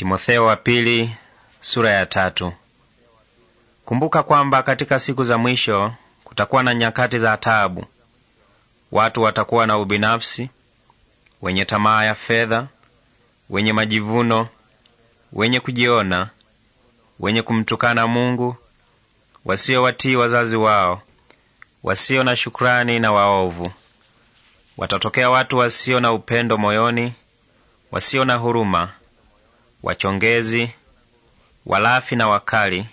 Timotheo wa pili, sura ya tatu. Kumbuka kwamba katika siku za mwisho kutakuwa na nyakati za taabu. Watu watakuwa na ubinafsi, wenye tamaa ya fedha, wenye majivuno, wenye kujiona, wenye kumtukana Mungu, wasiowatii wazazi wao, wasio na shukrani na waovu. Watatokea watu wasio na upendo moyoni, wasio na huruma wachongezi, walafi na wakali,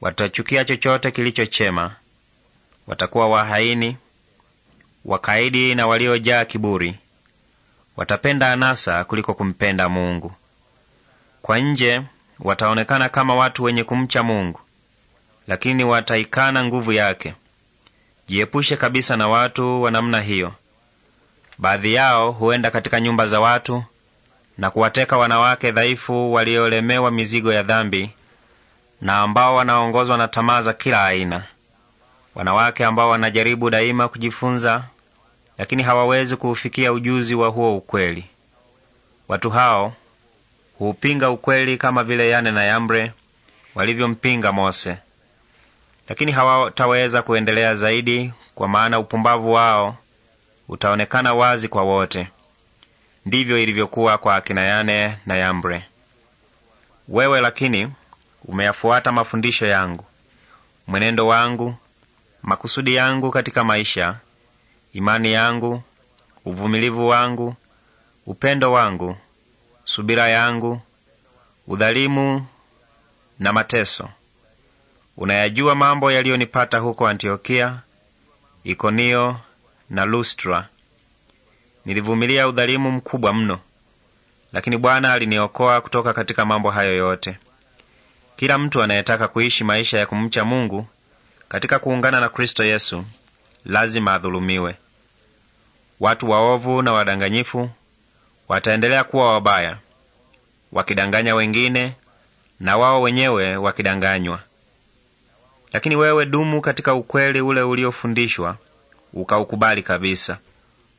watachukia chochote kilicho chema, watakuwa wahaini, wakaidi na waliojaa kiburi, watapenda anasa kuliko kumpenda Mungu. Kwa nje wataonekana kama watu wenye kumcha Mungu, lakini wataikana nguvu yake. Jiepushe kabisa na watu wa namna hiyo. Baadhi yao huenda katika nyumba za watu na kuwateka wanawake dhaifu waliolemewa mizigo ya dhambi na ambao wanaongozwa na tamaa za kila aina, wanawake ambao wanajaribu daima kujifunza lakini hawawezi kuufikia ujuzi wa huo ukweli. Watu hao huupinga ukweli kama vile Yane na Yambre walivyompinga Mose, lakini hawataweza kuendelea zaidi, kwa maana upumbavu wao utaonekana wazi kwa wote. Ndivyo ilivyokuwa kwa akina Yane na Yambre. Wewe lakini umeyafuata mafundisho yangu, mwenendo wangu, makusudi yangu katika maisha, imani yangu, uvumilivu wangu, upendo wangu, subira yangu, udhalimu na mateso. Unayajua mambo yaliyonipata huko Antiokia, Ikonio na Lustra, Nilivumilia udhalimu mkubwa mno, lakini Bwana aliniokoa kutoka katika mambo hayo yote. Kila mtu anayetaka kuishi maisha ya kumcha Mungu katika kuungana na Kristo Yesu lazima adhulumiwe. Watu waovu na wadanganyifu wataendelea kuwa wabaya, wakidanganya wengine na wao wenyewe wakidanganywa. Lakini wewe dumu katika ukweli ule uliofundishwa ukaukubali kabisa.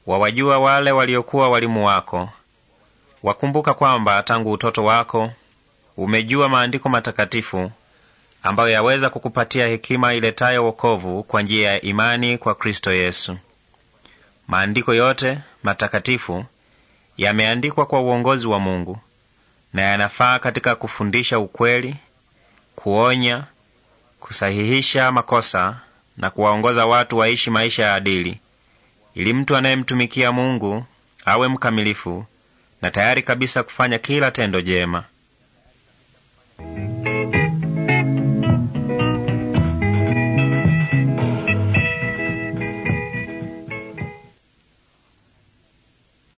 Wawajua wale waliokuwa walimu wako. Wakumbuka kwamba tangu utoto wako umejua maandiko matakatifu ambayo yaweza kukupatia hekima iletayo wokovu kwa njia ya imani kwa Kristo Yesu. Maandiko yote matakatifu yameandikwa kwa uongozi wa Mungu na yanafaa katika kufundisha ukweli, kuonya, kusahihisha makosa na kuwaongoza watu waishi maisha ya adili ili mtu anayemtumikia Mungu awe mkamilifu na tayari kabisa kufanya kila tendo jema.